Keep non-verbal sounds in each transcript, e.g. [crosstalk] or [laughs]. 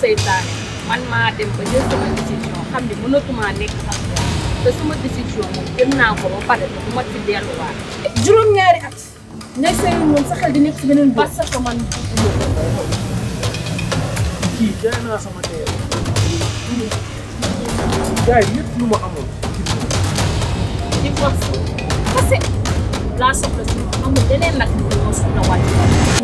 seytaane man maa dem ba jël sama décision xam ne mënatumaa nekk ak moom te sama décision moom jël naa ko ba pare te bu ma ci delluwaat. juróom-ñaari at nekk sa moom sa xel di nekk si beneen bi. parce sama teer. jaay lépp lu ma amoon. di force parce que laa soxla si moom amul nag ñu ngi ko soxla wàcc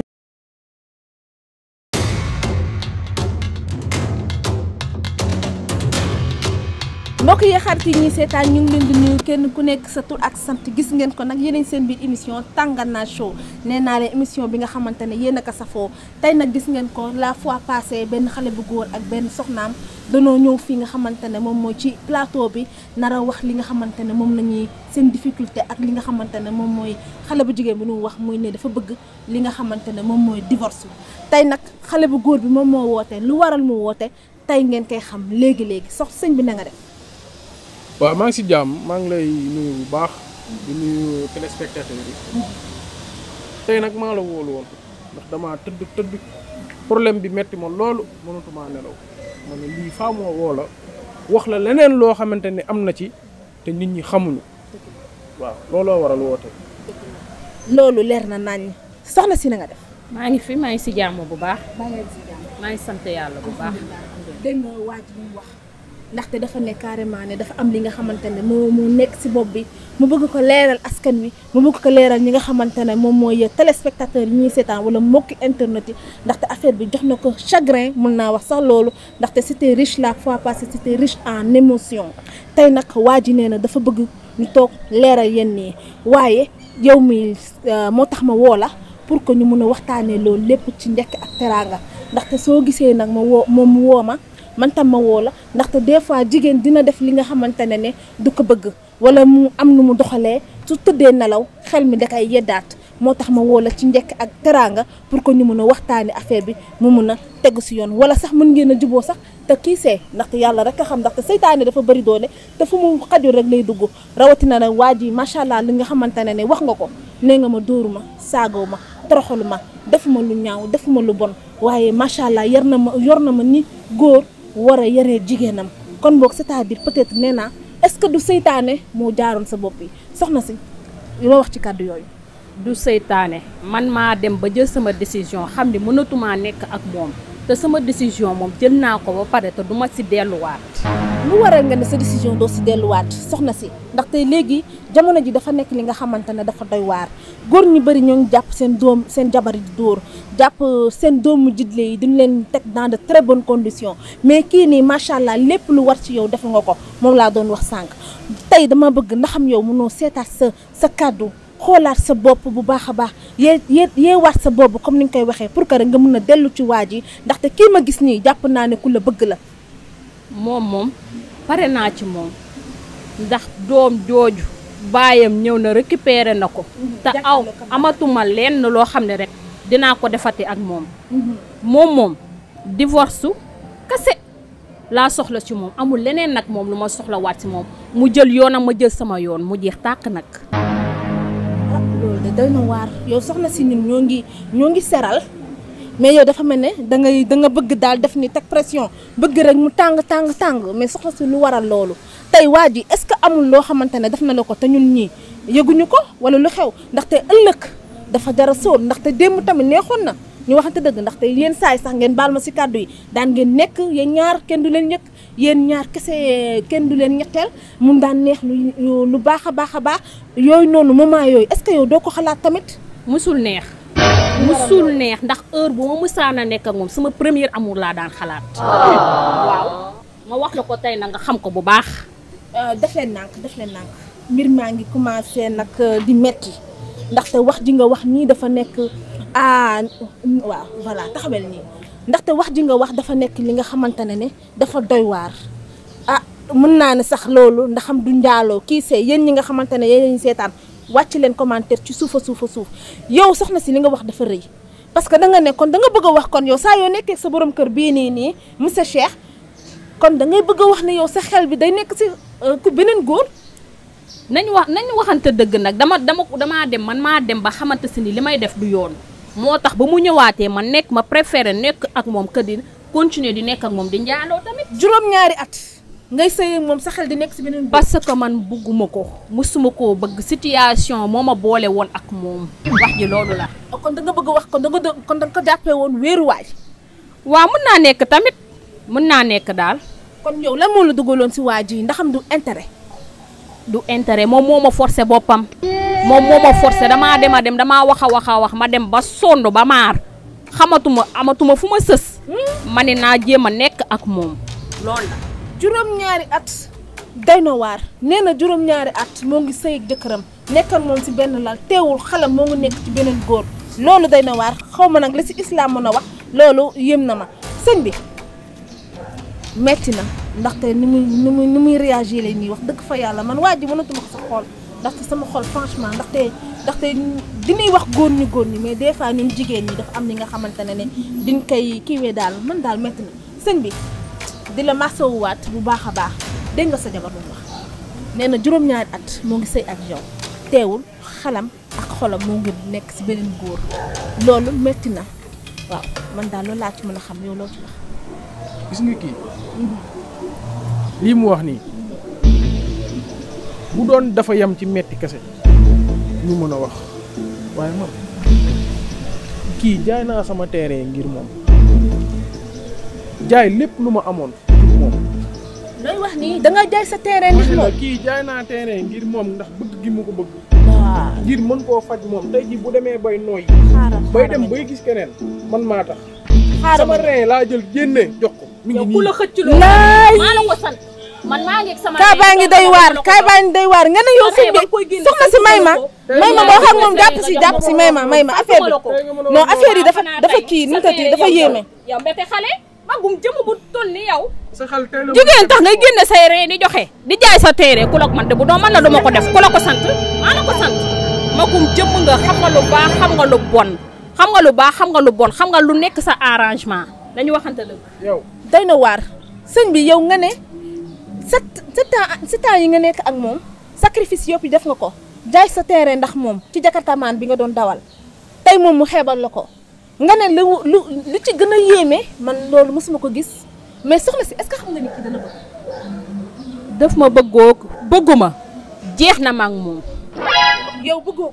mbokk yi xarit yi ñuy seetaan ñu ngi leen di nuyu kenn ku nekk sa tur ak sant gis ngeen ko nag yéen seen biir émission Tangana Show nee naa leen émission bi nga xamante ne yéen a safoo tey nag gis ngeen ko la fois passée benn xale bu góor ak benn soxnaam danoo ñëw fii nga xamante ne moom mooy ci plateau bi nara wax li nga xamante ne moom la ñuy seen difficulté ak li nga xamante ne moom mooy xale bu jigéen bi wax muy ne dafa bëgg li nga xamante ne moom mooy divorce tey nag xale bu góor bi moom moo woote lu waral mu woote tey ngeen koy xam léegi-léegi sox sëñ bi na nga def ba mang ngi si jam maa ngi lay nuyu bu baax di nuyu téléspectateur yi tay nak ma la wol won ndax dama teud teud problème bi metti mo lolou mënatumaa nelaw ma ne li faa moo woo la wax la leneen lo xamanteni amna ci te nit ñi xamuñu waaw lolou waral wote lolou leer na nañ soxna si na nga def ma ngi fi maa ngi si jam bu baax ma ngi si jàmm maa ngi sant yàlla bu baax dégg nga waaj wax ndaxte dafa ne carrément ne dafa am li nga xamante ne moo moo nekk ci bopp bi mu bëgg ko leeral askan wi mu bëgg ko leeral ñi nga xamante ne moom mooy téléspectateur yi ñuy seetaan wala mbokki internet ndaxte affaire bi jox na ko chagrin mun naa wax sax loolu ndaxte c'était riche la fois passée c'était riche en émotion tey nag waa ji nee na dafa bëgg ñu toog leeral yenn yi waaye yow mi euh, moo tax ma woo la pour que ñu mun a waxtaanee loolu lépp ci ndekk ak teraanga ndaxte soo gisee nag ma woo moom woo ma man tam ma wola ndax te des fois jigen dina def li nga xamantene ne du ko bëgg wala mu am nu mu doxale su tëddee nalaw xel mi da kay yeddaat motax ma wola ci ndek ak teranga pour ko ñu mëna waxtani affaire bi mu mëna tegg ci yoon wala sax mën ngeena a sax te ki sé ndax te yàlla rek xam ndax te seytaane dafa bari doone te fu mu xadi rek lay dugg rawati na na waji machallah li nga xamantene ne wax nga ko ne nga ma dooruma ma saagoo defuma lu ñaaw defuma lu bon waye machallah yarna ma yor ma ni góor war a yaree jigéenam kon boog c'est-à-dire être nee naa est-ce que du seytaane moo jaaroon sa bopp yi soxna si loo wax ci kàddu yooyu. du seytaane man maa dem ba jël sama décision xam ni mënatumaa nekk ak moom. te sama décision mom jël naa ba paré té du ci si delluwaat. lu waral nga ne sa décision doo si delluwaat soxna ci ndax ndaxte légui jamono ji dafa nek li nga xamantene dafa doy war gor ñu bari ñong japp sen dom sen jabar di dor japp euh, sen dom jidle yi duñ leen tek dans de très bonnes conditions mais ki ni machallah lepp lu war ci yow def nga ko mom la doon wax sank tay dama bëgg ndax ndaxam yow mëno seetaat sa sa cadeau xoolaat sa bopp bu baax a baax yee yee yeewaat sa bopp comme ni nga koy waxee pour que rek nga mun a dellu ci waa ji ndaxte kii ma gis nii jàpp naa ne ku la bëgg la. moom moom pare naa ci moom ndax doom jooju baayam ñëw na récupéré na ko. Mhm. te aw amatuma lenn loo xam ne rek dinaa ko defati ak moom. Mhm. moom moom divorce kase laa soxla ci moom amul leneen nag moom lu ma soxlawaat ci moom mu jël yoonam ma jël sama yoon mu jeex tàkk nag. doy waar yow soxna si ñun ñoo ngi ñoo ngi seral mais yow dafa mel ne da ngay da nga bëgg daal def ni teg pression bëgg rek mu tàng tàng tàng mais soxna si lu waral loolu tey waa ji est-ce que amul loo xamante ne def na la ko te ñun ñii yëguñu ko wala lu xew ndaxte ëllëg dafa dara sóor ndaxte démb tamit neexoon na. ñu waxante dëgg ndaxte yéen saay sax ngeen baal ma si kàddu yi daan ngeen nekk yéen ñaar kenn du leen ñëkk yéen ñaar kese kenn du leen ñetteel mun daan neex lu lu baax a baax a baax yooyu noonu moment yooyu est-ce que yow doo ko xalaat tamit. musul neex. neex ndax heure boo ma a nekk ak moom sama premier amul laa daan xalaat. ma wax la ko tey na nga xam ko bu baax. Euh, def leen nànk def leen nànk mbir maa ngi commencé nag euh, di metti ndaxte wax ji nga wax nii dafa nekk. ah waaw voilà taxawel nii ndaxte wax ji nga wax dafa nekk li nga xamante ne dafa doy waar ah mën naa ne sax loolu ndax am du njaaloo kii see yéen ñi nga xamante ne yéen ñu seetaan wàcc leen commentaire ci suufa suufa suuf yow soxna si li nga wax dafa rëy parce que da nga ne da nga bëgg wax kon yow saa yoo nekkee sa borom kër bii nii nii monsieur Cheikh kon da ngay bëgg wax ne yow sa xel bi day nekk euh, ku nañ wax nañ waxante dama dama damaa dem man maa dem ba xamante si ni def du yoon motax tax ba mu ñëwaatee ma nek ma préféré nek ak mom que di continuer di nek ak mom di njaaloo tamit. juroom ñaari at ngay sëy moom sa xel di nek ci benen parce que man bugguma ko musuma koo bëgg situation moma bolé won ak mom wax ji loolu la. kon da nga bëgg wax kon da nga kon da nga jappé won wëru wéeruwaay. wa mën na nek tamit mën na nek dal kon yow la mo lu dugulon ci ndax ndaxam du intérêt. du intérêt mom moma forcer bopam boppam. moom moo ma damaa dem a dem damaa wax a wax a wax ma dem ba sonn ba maar xamatuma amatuma fu ma sës. ma ne naa jéem a nekk ak moom loolu juróom-ñaari at day na waar nee na juróom-ñaari at moo ngi sëy jëkkëram nekkal moom si benn lal teewul xalam moo ngi nekk ci beneen góor loolu day na waar xaw ma nag la si islaam mën a wax loolu yëm na ma sëñ bi metti na ndaxte ni muy ni muy ni muy réagir la ñuy wax dëkk fa yàlla man waa ji mënatuma ko sa xool. ndaxte sama xol franchement ndaxte ndaxte dinuy wax góor ñu góor ñi mais des fois ñun jigéen ñi dafa am li nga xamante ne ne diñ koy kiiwee daal man daal métti na sëñ bi di la masawuwaat bu baax a baax dégg nga sa jabar bu wax nee na juróom-ñaari at moo ngi sëy ak yow teewul xalam ak xolam moo ngi nekk si beneen góor loolu métti na waaw man daal loolu laa ci mën a xam yow loo ci wax gis mhm. lii mu wax nii bu doon dafa yem ci metti kese ñu mën a wax waaye man kii jaay naa sama terrain ngir moom jaay lépp lu ma amoon ngir moom. looy wax nii da jaay sa terrain ndax moom kii jaay naa terrain ngir moom ndax bëgg gi mu ko bëgg. ngir mën koo faj moom tey ji bu demee bay nooy. bay dem bay gis keneen man maa tax. sama rein laa jël génne jox ko. mi ngi nii la xëcc la ko man maa ngi sama kaa ngi day waar kaa baa ngi day waar nga ne yow sëñ bi soxna si may ma may ma boo xam moom jàpp si jàpp si may ma may ma affaire bi non affaire yi dafa dafa kii nu mu tëdd dafa yéeme. yow mbete xale magum jëmm bu toll ni yow. jigéen tax ngay génne sa reen di joxe di jaay sa téere ku la man de bu doon man la duma ko def ku la ko sant maa magum jëmm nga xam nga lu baax xam nga lu bon xam nga lu baax xam nga lu bon xam nga lu nekk sa arrangement dañu waxante dëgg. yow day na waar sëñ bi yow nga ne sept sept ans yi nga nekk ak moom sacrifice yëpp def nga ko jaay sa terrain ndax moom ci jakartamaan bi nga doon dawal tey moom mu xeebal la ko nga ne lu lu lu ci gën a yéeme man loolu mosuma ko gis mais soxna si est-ce que xam nga ni ki dana bëgg daf ma bëggoo bëgguma jeex na ma ak moom ko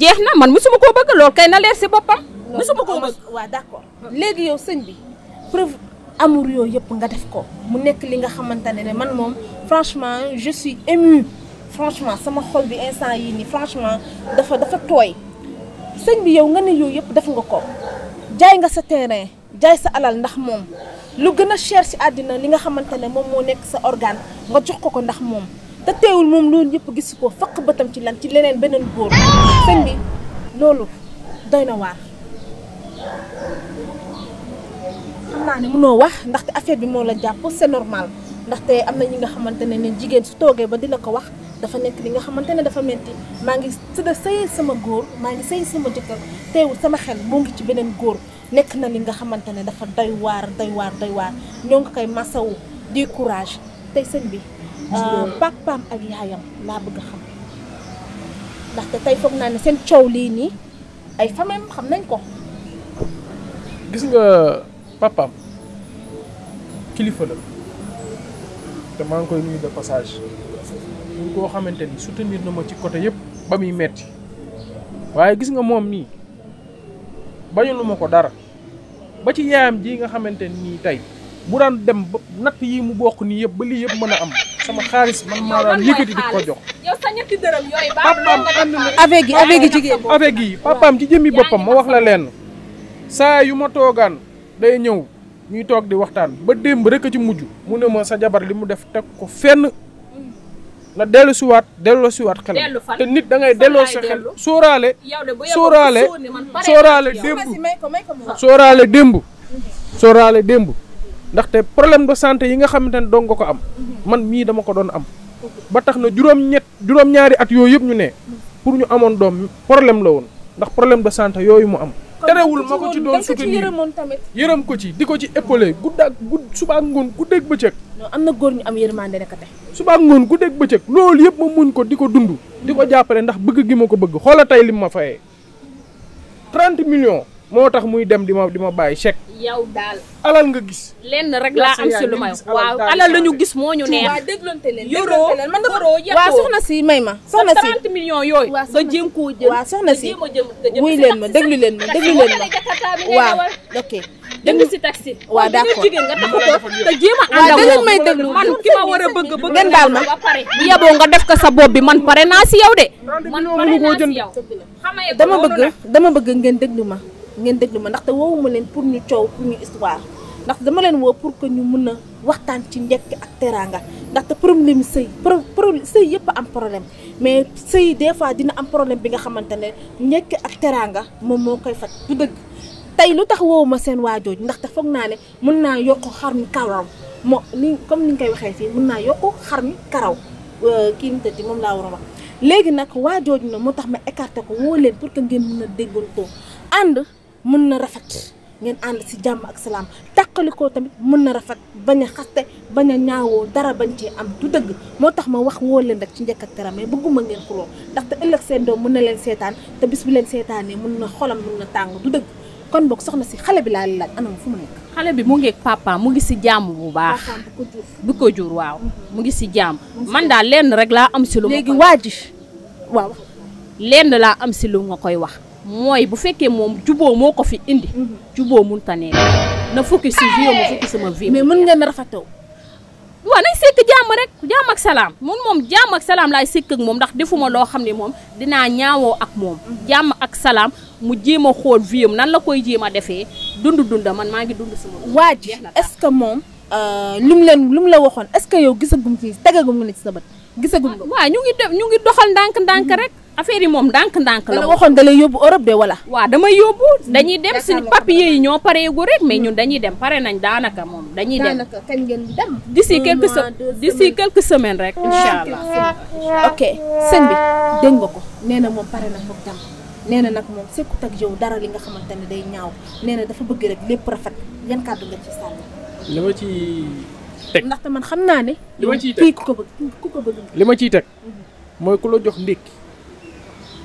jeex na man mosuma koo bëgg loolu kay na leer si boppam mosuma koo bëgg waaw d'accord léegi yow sëñ bi amour yooyu yëpp nga def ko mu nekk li nga xamante ne man moom franchement je suis émue franchement sama xol bi instant yii nii franchement dafa dafa tooy sëñ bi yow nga ne yooyu yëpp def nga ko jaay nga sa terrain jaay sa alal ndax moom lu gën a cher ci àddina li nga xamante ne moom moo nekk sa organe nga jox ko ko ndax moom te teewul moom loolu yëpp gis ko faq bëtam ci lan ci leneen beneen góor sëñ bi loolu doy na waa Nah, naa ne mënoo wax ndaxte affaire bi moo la c'est normal ndaxte am na ñi nga xamante ne ne jigéen su toogee ba di la ko wax dafa nekk li nga xamante ne dafa metti maa ngi sëda sëy sama góor maa ngi sëy sama jëkkër teewul sama xel moo ngi ci beneen góor nekk na li nga xamante dafa doy doy doy di courage tey sëñ bi euh, papaam ak yaayam laa bëgg a xam ndaxte tey foog ay famem xam nañ ko gis nga papam kilifa la te maa ngi koy nuyu de passage ñu koo xamante ni soutenir na ma ci côté yëpp ba muy metti waaye gis nga moom mii bañu ma ko dara ba ci yaam ji nga xamante ni tey bu daan dem ba natt yi mu bokk nii yëpp ba lii yëpp mën a am sama xaalis man maa daan yëkkati di ko jox papam ànd na avec gi avec gi ci papam ci jëmmi boppam ma wax la lenn saa yu ma toogaan day ñëw ñuy toog di waxtaan ba démb rek a ci mujj mu ne ma sa jabar li mu def teg ko fenn na dellu siwaat delloo siwaat xelam te nit da ngay delloo sa xel sóoraale sóoraale sóoraale démb sooraale démb sóoraale démb ndaxte problème de santé yi nga xamante ne doon nga ko am man mii dama ko doon am ba tax na juróom-ñett juróom-ñaari at yooyu yëpp ñu ne pour ñu amoon doom problème la woon ndax problème de santé yooyu mu am terewul ma ko ci doon soutenir yërëm ko ci di ko ci épaulé gudd ak gudd suba gudde ak bëccëg non amna gor ñu am yërmande rek ate suba ngoon guddeeg bëccëg loolu yëpp ma muñ ko di ko diko di ko jàppale ndax bëgg gi mako bëgg xoola tey lim ma fayé 30 millions motax muy dem dima dima di ma chèque. yow dal alal nga gis. len rek la am ci luma waw alal lañu gis moo ñu neex. wa deglonté len yoroo man dama ro yakko wa soxna si mayma soxna si 30 millions yoy ba jëm ko jëm wa soxna si muy len ma deglu len ma deglu len ma wa ok. déglu ci taxi. wa d'accord jigéen nga taxu ko te jéem anda ànd ak may deglu man ki ma wara bëgg bëgg ngeen dal ma yabo nga def ko sa bopp bi man paré na ci yow de. man pare ko jënd yow dama bëgg dama bëgg ngeen deglu ma ngeen déglu ma ndaxte woowuma leen pour ñu coow pour ñu histoire ndax dama leen woo pour que ñu mun na waxtaan ci njëkk ak teraanga ndaxte problème sëy problème sëy yëpp am problème mais sëy des fois dina am problème bi nga xamante ne njëkk ak teraanga moom moo koy faj du dëgg tey lu tax woowu ma seen waajooju ndaxte foog naa ne mun naa yokk xar mi karaw moo ni comme ni ñu koy waxee fii mën naa yokk xar mi karaw euh, kii mu tëdd moom laa war a wax léegi nag waajooju na moo tax ma écarté ko woo leen pour que ngeen mën na déggoon ko ànd mën na rafet ngeen ànd si jàmm ak salam takaliko tamit mën na rafet bañ a xaste bañ a dara bañ ci am du deug motax ma wax wo leen rek ci njëkk ak tera mais bëgguma ngeen xuloo ndaxte ëllëg seen doom mën na leen seetaan te bis bu leen seetaanee mën na xolam mën na du deug kon bok soxna si xale bi la la anam fu mu nek xale bi mu ngi ak papa mu ngi si jam bu baax. bu ko jur waaw. Mm-hmm. mu ngi si jam man da lenn rek la am ci lu. léegi waji ji waaw lenn am ci lu nga koy wax. mooy bu fekkee moom juboo moo ko fi indi. Mhm. juboo mënut a na fukki si vie mu focus sama vie. mais mën ngeen rafetoo. waaw nañ sekk jàmm rek jàmm ak salaam mun moom jàmm ak salaam laay sekk ak moom ndax defuma loo xam ne moom dinaa ñaawoo ak moom. Mhm. jàmm ak salaam mu jéem a xool viam nan la koy jéem a defee dund dunda man maa ngi dund sama. waa ji est-ce que moom. Euh, lu mu leen lu mu la waxoon est-ce que yow gisagum ci tegagum nga ci sa bët gisagum nga. waaw ñu ngi def ñu ngi doxal ndànk-ndànk mhm. rek. affaire yi mom dank dank la waxon da lay yobbu Europe de wala wa dama yobbu hmm. dañuy dem si papier yi ño paré go rek mais hmm. ñun dañuy dem paré nañ danaka mom dañuy dem danaka kañ ngeen di dem d'ici quelques d'ici quelques semaines rek inshallah ok sëñ bi deñ nga ko néna mom paré na foog dem néna nak mom sékku tak ak yow dara li nga xamantene day ñaaw néna dafa bëgg rek lepp rafet yan kaddu nga ci sall li ma ci teg ndaxte man xamna naa ne li ma ciy teg ku ko bëgg ku ko bëgg li ma ciy teg hmm. mooy ku la jox ndékki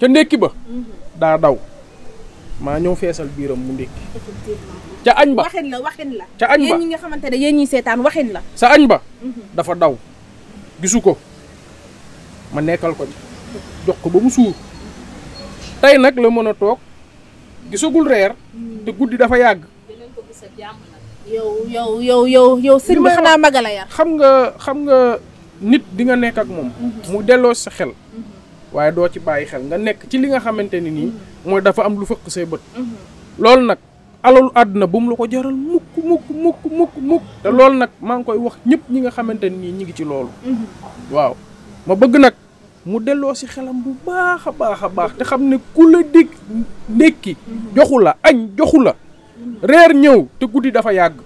ci ndékki ba da daw ma ñëw fessel biiram mu ndékki ci agn ba waxin la waxin la ci agn ba yeen ñi nga xamantene yeen yéen ñi seetaan waxin la sa agn ba mhm. dafa daw gisuko ma nekkal ko jox ko ba mu suur tay nak le mën tok gisugul reer mhm. te guddi dafa yàgg yo yo yo yo magala yar xam nga xam nga nit di nga nekk ak moom mhm. mu sa xel waaye doo ci bàyyi xel nga nekk ci li nga xamante ni nii mm-hmm. mooy dafa am lu fëkk say bët mm-hmm. loolu nag alalu àdduna bu mu la ko jaral mukk mukk mukk mukk mukk te loolu nag maa ngi koy wax ñëpp ñi nga xamante ni ñi ngi ci loolu mm-hmm. waaw ma bëgg nag mu delloo si xelam bu baax a baax a baax te xam ne ku la dégg ndékki joxu la añ joxu la reer ñëw te guddi dafa yàgg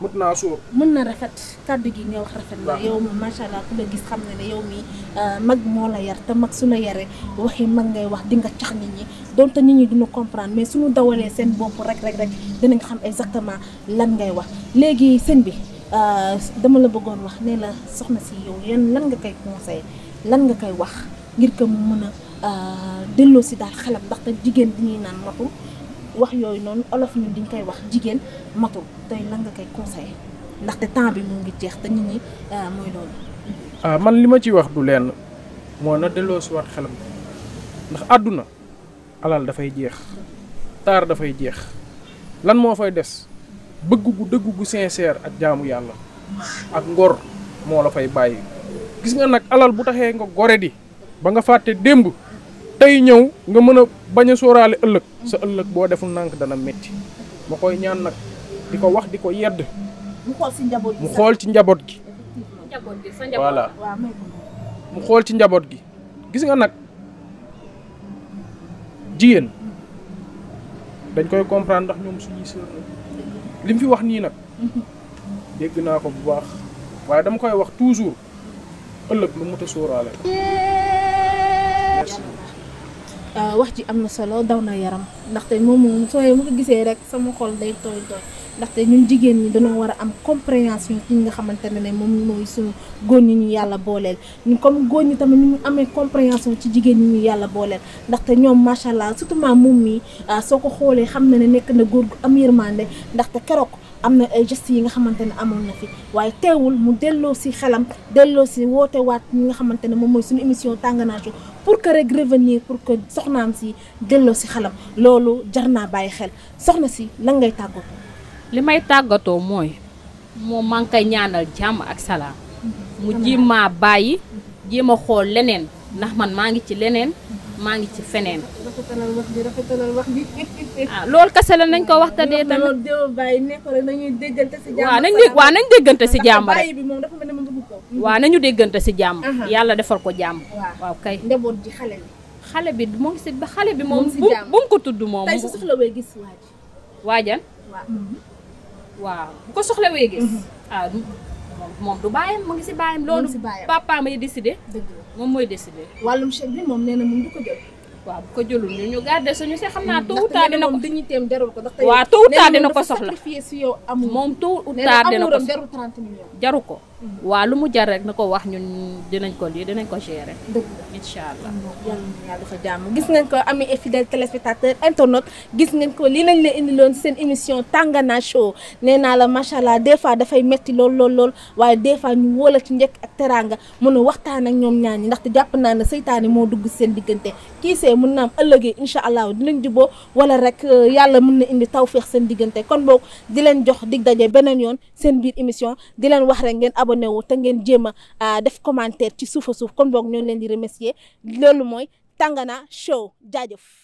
mën naa sóor. mën na rafet kàddu gi nga wax rafet na yow mi macha allah ku la gis xam ne ne yow mi euh, mag moo la yar te mag su la yaree waxi mag ngay wax di nga cax nit ñi donte nit ñi duñu comprendre mais suñu dawalee seen bopp rek rek rek dinañ xam exactement lan ngay wax léegi sëñ bi euh, dama la bëggoon wax ne la soxna si yow yan lan nga koy conseil lan nga koy wax ngir que mu mën a euh, delloo si daal xelam ndaxte jigéen bi ñuy naan matul. wax yoy non olof ñun diñ koy wax jigen matu tay la nga conseil ndax ndaxte temps bi mo ngi jeex te nit ñi ah, moy lool ah man lima ci wax du lenn mo na delloo si xelam ndax aduna alal fay jeex da fay jeex lan mo fay dess bëgg gu dëgg gu sincère ak jaamu yalla ak ngor mo la fay bayyi gis nga nak alal bu taxé nga gore di ba nga faté tay ñew nga mëna baña bañ ëlëk sa ëlëk bo deful nank dana metti ma koy ñaan nak di wax di yedd mu xol ci njabot gi voilà mu xol ci njabot gi gis nga nak jigen dañ koy comprendre ndax ñom suñu sœur lim fi wax ni nak dégg na ko bu baax waye dama koy wax toujours ëlëk lu mu ta Euh, wax ji am na solo daw na yaram ndaxte moom moom sooy mu ko gisee rek sama xol day tooy tooy ndaxte ñun jigéen ñi dañoo war a am compréhension ci ñi nga xamante ne ne moom mooy suñu góor ñi ñu yàlla booleel ñu comme góor ñi tamit ñu amee compréhension ci jigéen ñu yàlla booleel ndaxte ñoom macha allah surtout moom mi ah, soo ko xoolee xam na ne nekk na góor gu am yërmande ndaxte keroog am na ay gestes yi nga xamante ne amoon na fi waaye teewul mu delloo si xelam delloo si woote waat nga xamante ne moom mooy suñu émission tànganaacu pour que rek revenir pour que soxnaam si delloo si xelam loolu jar naa bàyyi xel soxna si lan ngay tàggatoo. li may tàggatoo mooy moom maa ngi koy ñaanal jàmm ak salaam. Mhm. mu jéem maa bàyyi jéem a xool leneen ndax man maa ngi ci leneen mhm. maa ngi ci feneen. [laughs] Ah, loolu kese la nañ ko waxtaanee tamit. loolu déggoo bàyyi nekk rek nañuy déggante si. jàmm nañ déggante si jàmm waaw nañu déggante si jàmm. yàlla defal ko jàmm. waaw kay njaboot ji xale bi. xale bi moo xale bi moom. bu bu mu ko tudd moom. tey su soxlawee gis waaj. waajan. waaw bu ko soxlawee gis. Mhm. ah moom du bàyyam mu ngi si bàyyam. loolu papaam ay décidé. moom mooy décidé. wàllum bi moom na waaw bu ko jëlul ñu ñu garder suñu si xam naa tôt ou tard dina ko dignitéem jarul ko ndax waaw tôt ou tard dina ko soxla moom tôt ou tard dina ko jarul 30 millions jaru ko mm. waa lu mu jar rek na ko wax ñun dinañ ko lii dinañ ko gérer incha allah mm. yàlla dafa jàmm gis ngeen ko ami et fidèle téléspectateur internaute gis ngeen ko lii lañ leen indiloon seen émission Tangana Show nee naa la macha allah des fois dafay metti lool lool lool waaye des fois ñu wóola ci njëkk ak teraanga mën a waxtaan ak ñoom ñaan ñi ndaxte jàpp naa ne seytaane moo dugg seen diggante kiisee mën na am ëllëgee incha allah dinañ juboo wala rek euh, yàlla mun na indi feex seen diggante kon boog di leen jox dig daje beneen yoon seen biir émission di leen wax rek ngeen abonné wu te ngeen jéem a def commentaire ci suuf suuf kon boog ñoon leen di remercier loolu mooy Tangana show jaajëf